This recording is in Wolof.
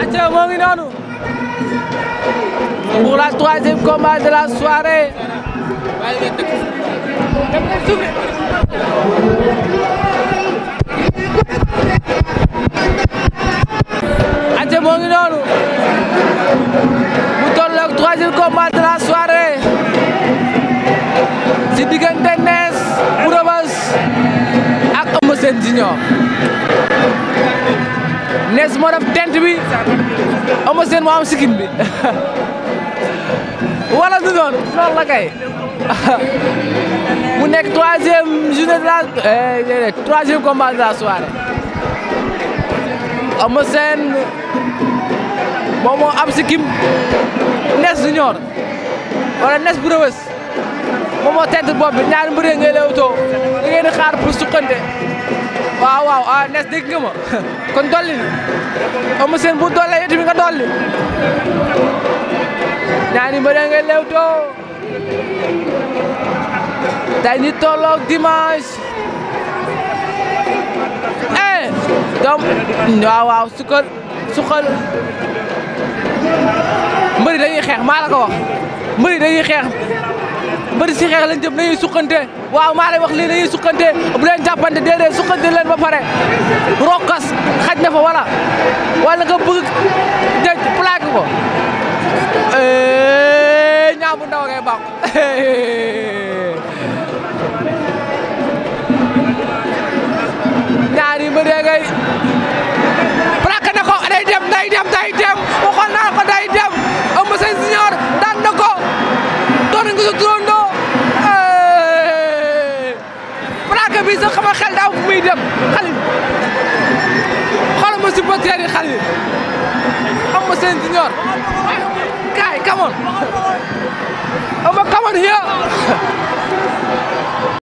acca moo noonu pour la troisième combat de la soirée acca moo ngi noonu bu Rebeuss ak Eumeu Sène Junior nees moo def tent bi ama seen moo am sikkin bi wala du noonu loolu la mu nekk troisième journée de la eh troisième combat la soirée ama seen moom moo am sikkim nees du ñor wala nees bu tent bopp bi ñaari mbëree ngay leewtoo da xaar pour suqante waaw waaw ah Ness dégg nga ma kon dolli li Eumeu Sène bu dollee yow nga dolli ñaari mbër ngay lewtoo tey ni tolloog dimanche eh donc waaw waaw sukkal sukkal mbëri dañuy xeex maa la ko wax mbëri dañuy xeex bëri si xeex lañ jëm nañuy sukkante waaw maa lay wax lii nañuy sukkante bu leen jàppante déedéet sukkante leen ba pare rokkas xaj na fa wala wala nga bëgg denc plaque ko eh, ñaabu ndaw ngay bàq bi sax xama xel daaw fu muy dem xalil xoolal ma supporter yi xalil am ma seen junior kaay